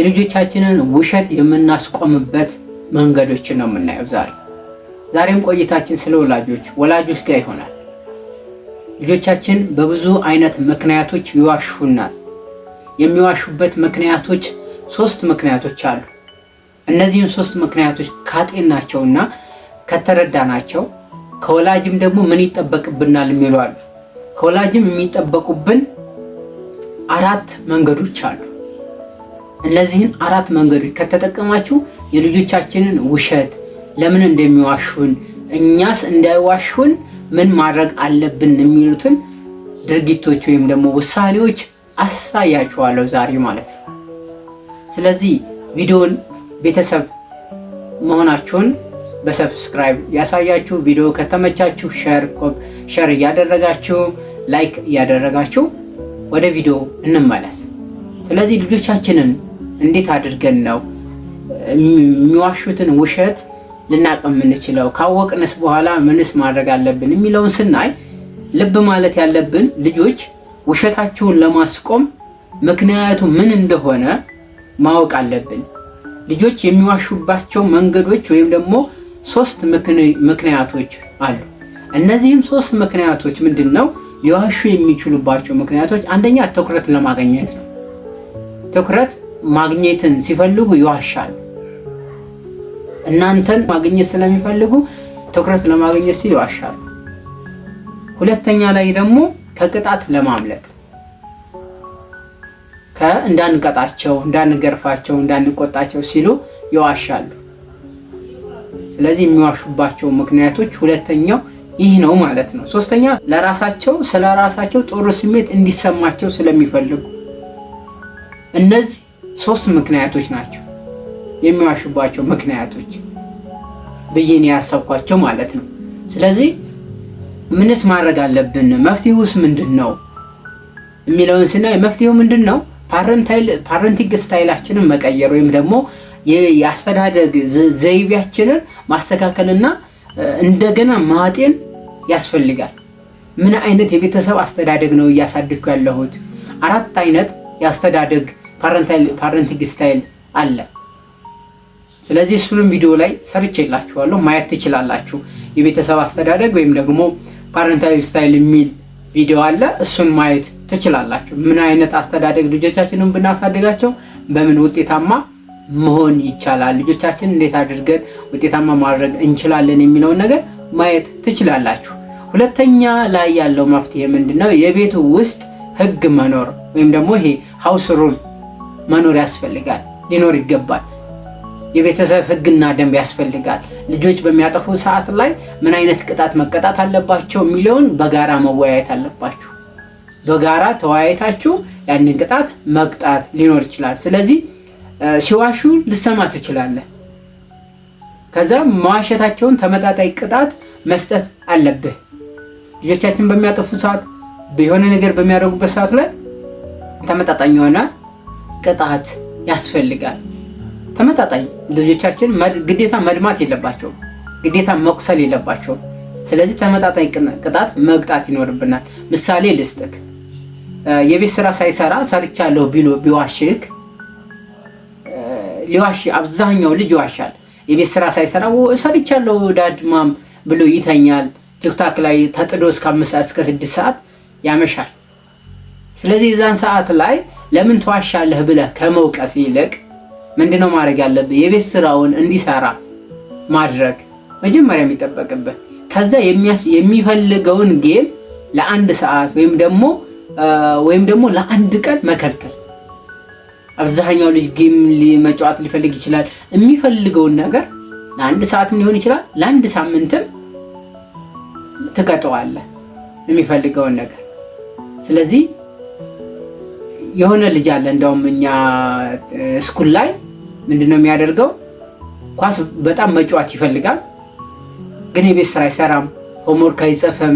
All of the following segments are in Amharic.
የልጆቻችንን ውሸት የምናስቆምበት መንገዶችን ነው የምናየው ዛሬ። ዛሬም ቆይታችን ስለ ወላጆች ወላጆች ጋር ይሆናል። ልጆቻችን በብዙ አይነት ምክንያቶች ይዋሹናል። የሚዋሹበት ምክንያቶች ሶስት ምክንያቶች አሉ። እነዚህም ሶስት ምክንያቶች ካጤናቸውና ከተረዳናቸው ከወላጅም ደግሞ ምን ይጠበቅብናል የሚሉ አሉ። ከወላጅም የሚጠበቁብን አራት መንገዶች አሉ። እነዚህን አራት መንገዶች ከተጠቀማችሁ የልጆቻችንን ውሸት ለምን እንደሚዋሹን እኛስ እንዳይዋሹን ምን ማድረግ አለብን የሚሉትን ድርጊቶች ወይም ደግሞ ውሳኔዎች አሳያችኋለሁ ዛሬ ማለት ነው። ስለዚህ ቪዲዮን ቤተሰብ መሆናችሁን በሰብስክራይብ ያሳያችሁ፣ ቪዲዮ ከተመቻችሁ ሸር እያደረጋችሁ ላይክ እያደረጋችሁ ወደ ቪዲዮ እንመለስ። ስለዚህ ልጆቻችንን እንዴት አድርገን ነው የሚዋሹትን ውሸት ልናቅ የምንችለው? ካወቅንስ በኋላ ምንስ ማድረግ አለብን የሚለውን ስናይ ልብ ማለት ያለብን ልጆች ውሸታቸውን ለማስቆም ምክንያቱ ምን እንደሆነ ማወቅ አለብን። ልጆች የሚዋሹባቸው መንገዶች ወይም ደግሞ ሶስት ምክንያቶች አሉ። እነዚህም ሶስት ምክንያቶች ምንድን ነው? ሊዋሹ የሚችሉባቸው ምክንያቶች አንደኛ ትኩረት ለማግኘት ነው። ትኩረት ማግኘትን ሲፈልጉ ይዋሻሉ። እናንተን ማግኘት ስለሚፈልጉ ትኩረት ለማግኘት ሲል ይዋሻሉ። ሁለተኛ ላይ ደግሞ ከቅጣት ለማምለጥ እንዳንቀጣቸው፣ እንዳንገርፋቸው፣ እንዳንቆጣቸው ሲሉ ይዋሻሉ። ስለዚህ የሚዋሹባቸው ምክንያቶች ሁለተኛው ይህ ነው ማለት ነው። ሶስተኛ ለራሳቸው ስለ ራሳቸው ጥሩ ስሜት እንዲሰማቸው ስለሚፈልጉ እነዚህ ሶስት ምክንያቶች ናቸው የሚዋሹባቸው ምክንያቶች ብዬን ያሰብኳቸው ማለት ነው። ስለዚህ ምንስ ማድረግ አለብን? መፍትሄውስ ምንድን ነው የሚለውን ስናይ መፍትሄው ምንድን ነው? ፓረንቲንግ ስታይላችንን መቀየር ወይም ደግሞ የአስተዳደግ ዘይቤያችንን ማስተካከልና እንደገና ማጤን ያስፈልጋል። ምን አይነት የቤተሰብ አስተዳደግ ነው እያሳደግኩ ያለሁት? አራት አይነት የአስተዳደግ ፓረንቲንግ ስታይል አለ። ስለዚህ እሱንም ቪዲዮ ላይ ሰርች ማየት ትችላላችሁ። የቤተሰብ አስተዳደግ ወይም ደግሞ ፓረንታል ስታይል የሚል ቪዲዮ አለ። እሱን ማየት ትችላላችሁ። ምን አይነት አስተዳደግ ልጆቻችንን ብናሳድጋቸው በምን ውጤታማ መሆን ይቻላል፣ ልጆቻችን እንዴት አድርገን ውጤታማ ማድረግ እንችላለን የሚለውን ነገር ማየት ትችላላችሁ። ሁለተኛ ላይ ያለው መፍትሄ ምንድነው የቤት የቤቱ ውስጥ ህግ መኖር ወይም ደግሞ ይሄ ሀውስ ሩል መኖር ያስፈልጋል፣ ሊኖር ይገባል። የቤተሰብ ህግና ደንብ ያስፈልጋል። ልጆች በሚያጠፉ ሰዓት ላይ ምን አይነት ቅጣት መቀጣት አለባቸው የሚለውን በጋራ መወያየት አለባችሁ። በጋራ ተወያየታችሁ ያንን ቅጣት መቅጣት ሊኖር ይችላል። ስለዚህ ሲዋሹ ልሰማ ትችላለህ። ከዛ መዋሸታቸውን ተመጣጣኝ ቅጣት መስጠት አለብህ። ልጆቻችን በሚያጠፉ ሰዓት የሆነ ነገር በሚያደርጉበት ሰዓት ላይ ተመጣጣኝ የሆነ ቅጣት ያስፈልጋል። ተመጣጣኝ ልጆቻችን ግዴታ መድማት የለባቸውም፣ ግዴታ መቁሰል የለባቸውም። ስለዚህ ተመጣጣኝ ቅጣት መቅጣት ይኖርብናል። ምሳሌ ልስጥክ። የቤት ስራ ሳይሰራ ሰርቻለሁ ቢሎ ቢዋሽክ ሊዋሽ አብዛኛው ልጅ ይዋሻል። የቤት ስራ ሳይሰራ ሰርቻለሁ ዳድማም ብሎ ይተኛል። ቲክታክ ላይ ተጥዶ እስከ አምስት ሰዓት እስከ ስድስት ሰዓት ያመሻል። ስለዚህ የዛን ሰዓት ላይ ለምን ተዋሻለህ ብለህ ከመውቀስ ይልቅ ምንድነው ማድረግ ያለብህ? የቤት ስራውን እንዲሰራ ማድረግ መጀመሪያ የሚጠበቅብህ። ከዛ የሚፈልገውን ጌም ለአንድ ሰዓት ወይም ደግሞ ወይም ደግሞ ለአንድ ቀን መከልከል። አብዛኛው ልጅ ጌም መጫወት ሊፈልግ ይችላል። የሚፈልገውን ነገር ለአንድ ሰዓትም ሊሆን ይችላል፣ ለአንድ ሳምንትም ትቀጠዋለህ የሚፈልገውን ነገር ስለዚህ የሆነ ልጅ አለ እንደውም እኛ እስኩል ላይ ምንድነው የሚያደርገው? ኳስ በጣም መጫወት ይፈልጋል፣ ግን የቤት ስራ አይሰራም፣ ሆምወርክ አይጽፍም።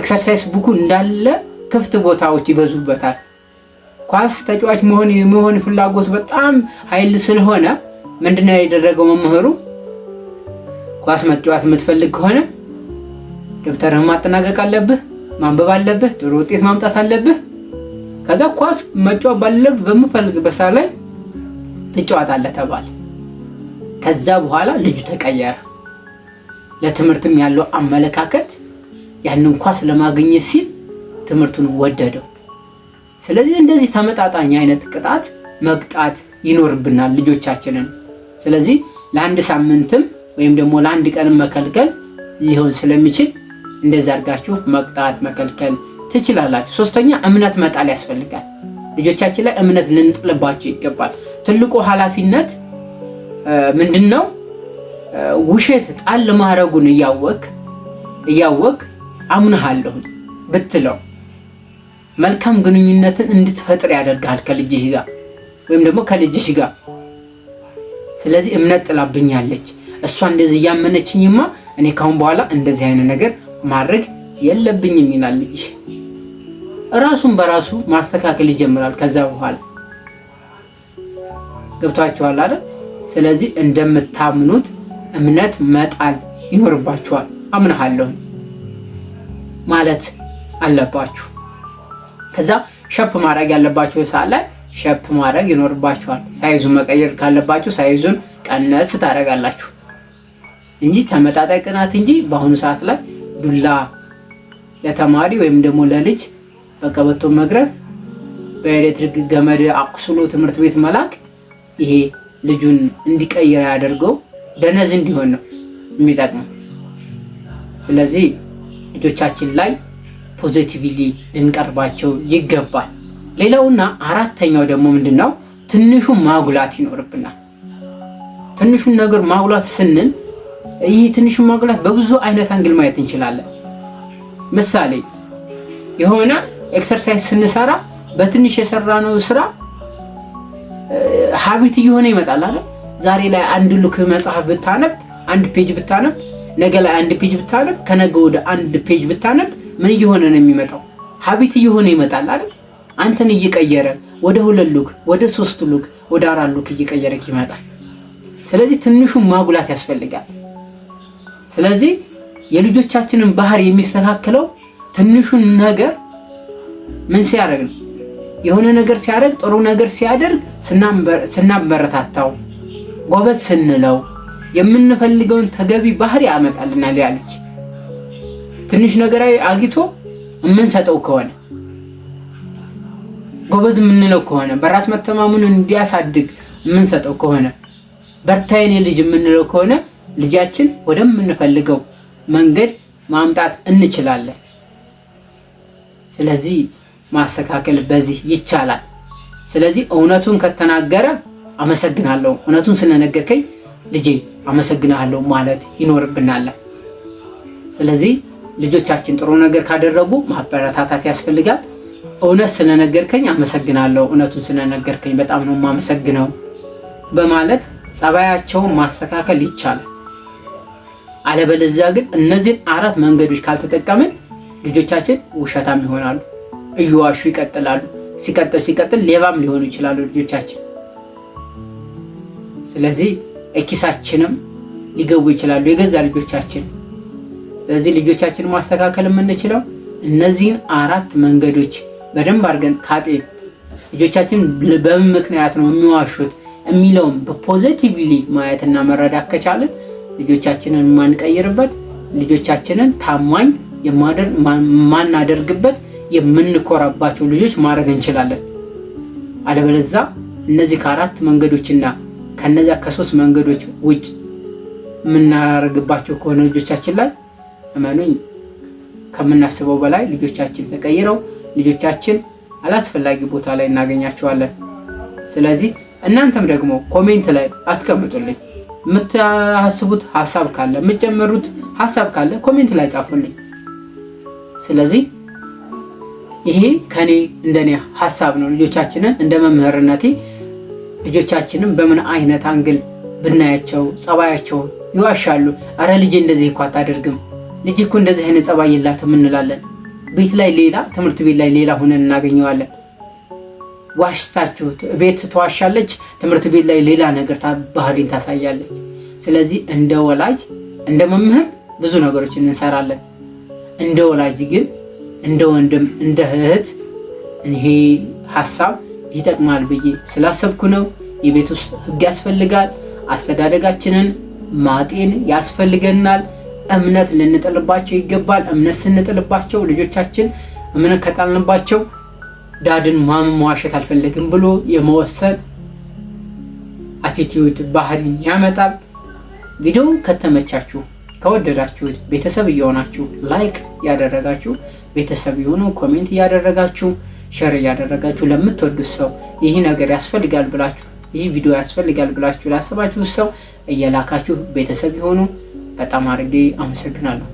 ኤክሰርሳይዝ ቡኩ እንዳለ ክፍት ቦታዎች ይበዙበታል። ኳስ ተጫዋች መሆን የመሆን ፍላጎት በጣም ኃይል ስለሆነ ምንድነው ያደረገው መምህሩ? ኳስ መጫወት የምትፈልግ ከሆነ ደብተርህን ማጠናቀቅ አለብህ፣ ማንበብ አለብህ፣ ጥሩ ውጤት ማምጣት አለብህ ከዛ ኳስ መጫወት ባለብ በምፈልግበት ሰዓት ላይ ትጫወታለህ ተባለ። ከዛ በኋላ ልጁ ተቀየረ። ለትምህርትም ያለው አመለካከት ያንን ኳስ ለማግኘት ሲል ትምህርቱን ወደደው። ስለዚህ እንደዚህ ተመጣጣኝ አይነት ቅጣት መቅጣት ይኖርብናል ልጆቻችንን። ስለዚህ ለአንድ ሳምንትም ወይም ደግሞ ለአንድ ቀንም መከልከል ሊሆን ስለሚችል እንደዛ አድርጋችሁ መቅጣት መከልከል ትችላላችሁ። ሶስተኛ እምነት መጣል ያስፈልጋል። ልጆቻችን ላይ እምነት ልንጥልባቸው ይገባል። ትልቁ ኃላፊነት ምንድን ነው? ውሸት ጣል ማድረጉን እያወቅ እያወቅ አምንሃለሁ ብትለው መልካም ግንኙነትን እንድትፈጥር ያደርግሃል ከልጅህ ጋር ወይም ደግሞ ከልጅሽ ጋር። ስለዚህ እምነት ጥላብኛለች እሷ እንደዚህ እያመነችኝማ እኔ ካሁን በኋላ እንደዚህ አይነት ነገር ማድረግ የለብኝም ይላል ልጅሽ። ራሱን በራሱ ማስተካከል ይጀምራል። ከዛ በኋላ ገብቷችኋል አይደል? ስለዚህ እንደምታምኑት እምነት መጣል ይኖርባችኋል። አምናሃለሁ ማለት አለባችሁ። ከዛ ሸፕ ማድረግ ያለባችሁ ሰዓት ላይ ሸፕ ማድረግ ይኖርባችኋል። ሳይዙን መቀየር ካለባችሁ ሳይዙን ቀነስ ታደርጋላችሁ እንጂ ተመጣጣይ ቅናት እንጂ በአሁኑ ሰዓት ላይ ዱላ ለተማሪ ወይም ደግሞ ለልጅ በቀበቶ መግረፍ፣ በኤሌክትሪክ ገመድ አቁስሎ ትምህርት ቤት መላክ ይሄ ልጁን እንዲቀይር ያደርገው ደነዝ እንዲሆን ነው የሚጠቅመው። ስለዚህ ልጆቻችን ላይ ፖዚቲቭሊ ልንቀርባቸው ይገባል። ሌላውና አራተኛው ደግሞ ምንድን ነው? ትንሹን ማጉላት ይኖርብናል። ትንሹን ነገር ማጉላት ስንል ይህ ትንሹን ማጉላት በብዙ አይነት አንግል ማየት እንችላለን። ምሳሌ የሆነ ኤክሰርሳይዝ ስንሰራ በትንሽ የሰራነው ስራ ሀቢት እየሆነ ይመጣል አይደል? ዛሬ ላይ አንድ ሉክ መጽሐፍ ብታነብ፣ አንድ ፔጅ ብታነብ፣ ነገ ላይ አንድ ፔጅ ብታነብ፣ ከነገ ወደ አንድ ፔጅ ብታነብ ምን እየሆነ ነው የሚመጣው? ሀቢት እየሆነ ይመጣል አይደል? አንተን እየቀየረ ወደ ሁለት ሉክ፣ ወደ ሶስት ሉክ፣ ወደ አራት ሉክ እየቀየረ ይመጣል። ስለዚህ ትንሹን ማጉላት ያስፈልጋል። ስለዚህ የልጆቻችንን ባህሪ የሚስተካከለው ትንሹን ነገር ምን ሲያደርግ ነው? የሆነ ነገር ሲያደርግ ጥሩ ነገር ሲያደርግ ስናበረታታው፣ ጎበዝ ስንለው የምንፈልገውን ተገቢ ባህሪ ያመጣልናል ያለች ትንሽ ነገር አግኝቶ የምንሰጠው ከሆነ ጎበዝ የምንለው ከሆነ በራስ መተማመኑ እንዲያሳድግ የምንሰጠው ከሆነ በርታይኔ ልጅ የምንለው ከሆነ ልጃችን ወደምንፈልገው መንገድ ማምጣት እንችላለን። ስለዚህ ማስተካከል በዚህ ይቻላል። ስለዚህ እውነቱን ከተናገረ አመሰግናለሁ፣ እውነቱን ስለነገርከኝ ልጄ አመሰግናለሁ ማለት ይኖርብናል። ስለዚህ ልጆቻችን ጥሩ ነገር ካደረጉ ማበረታታት ያስፈልጋል። እውነት ስለነገርከኝ አመሰግናለሁ፣ እውነቱን ስለነገርከኝ በጣም ነው የማመሰግነው በማለት ጸባያቸውን ማስተካከል ይቻላል። አለበለዚያ ግን እነዚህን አራት መንገዶች ካልተጠቀምን ልጆቻችን ውሸታም ይሆናሉ። እየዋሹ ይቀጥላሉ። ሲቀጥል ሲቀጥል ሌባም ሊሆኑ ይችላሉ ልጆቻችን። ስለዚህ እኪሳችንም ሊገቡ ይችላሉ የገዛ ልጆቻችን። ስለዚህ ልጆቻችንን ማስተካከል የምንችለው እነዚህን አራት መንገዶች በደንብ አድርገን ካጤን ልጆቻችን በምን ምክንያት ነው የሚዋሹት የሚለውም በፖዘቲቭሊ ማየትና መረዳት ከቻለን ልጆቻችንን የማንቀይርበት ልጆቻችንን ታማኝ የማናደርግበት የምንኮራባቸው ልጆች ማድረግ እንችላለን። አለበለዛ እነዚህ ከአራት መንገዶችና ከነዚያ ከሶስት መንገዶች ውጭ የምናደርግባቸው ከሆነ ልጆቻችን ላይ እመኑኝ ከምናስበው በላይ ልጆቻችን ተቀይረው ልጆቻችን አላስፈላጊ ቦታ ላይ እናገኛቸዋለን። ስለዚህ እናንተም ደግሞ ኮሜንት ላይ አስቀምጡልኝ። የምታስቡት ሀሳብ ካለ የምትጨምሩት ሀሳብ ካለ ኮሜንት ላይ ጻፉልኝ። ስለዚህ ይሄ ከኔ እንደኔ ሀሳብ ነው። ልጆቻችንን እንደ መምህርነቴ ልጆቻችንን በምን አይነት አንግል ብናያቸው ፀባያቸው ይዋሻሉ። አረ ልጅ እንደዚህ እኮ አታደርግም፣ ልጅ እኮ እንደዚህ አይነት ጸባይ የላትም እንላለን። ቤት ላይ ሌላ፣ ትምህርት ቤት ላይ ሌላ ሆነን እናገኘዋለን። ዋሽታችሁ ቤት ትዋሻለች፣ ትምህርት ቤት ላይ ሌላ ነገር ባህሪን ታሳያለች። ስለዚህ እንደ ወላጅ እንደ መምህር ብዙ ነገሮች እንሰራለን። እንደ ወላጅ ግን እንደ ወንድም እንደ እህት ይሄ ሀሳብ ይጠቅማል ብዬ ስላሰብኩ ነው። የቤት ውስጥ ህግ ያስፈልጋል። አስተዳደጋችንን ማጤን ያስፈልገናል። እምነት ልንጥልባቸው ይገባል። እምነት ስንጥልባቸው ልጆቻችን እምነት ከጣልንባቸው ዳድን ማመዋሸት አልፈለግም ብሎ የመወሰን አቲቲዩድ ባህሪን ያመጣል። ቪዲዮ ከተመቻችሁ ከወደዳችሁት ቤተሰብ እየሆናችሁ ላይክ ያደረጋችሁ ቤተሰብ የሆኑ ኮሜንት እያደረጋችሁ ሸር እያደረጋችሁ ለምትወዱት ሰው ይህ ነገር ያስፈልጋል ብላችሁ ይህ ቪዲዮ ያስፈልጋል ብላችሁ ላሰባችሁ ሰው እየላካችሁ ቤተሰብ የሆኑ በጣም አድርጌ አመሰግናለሁ።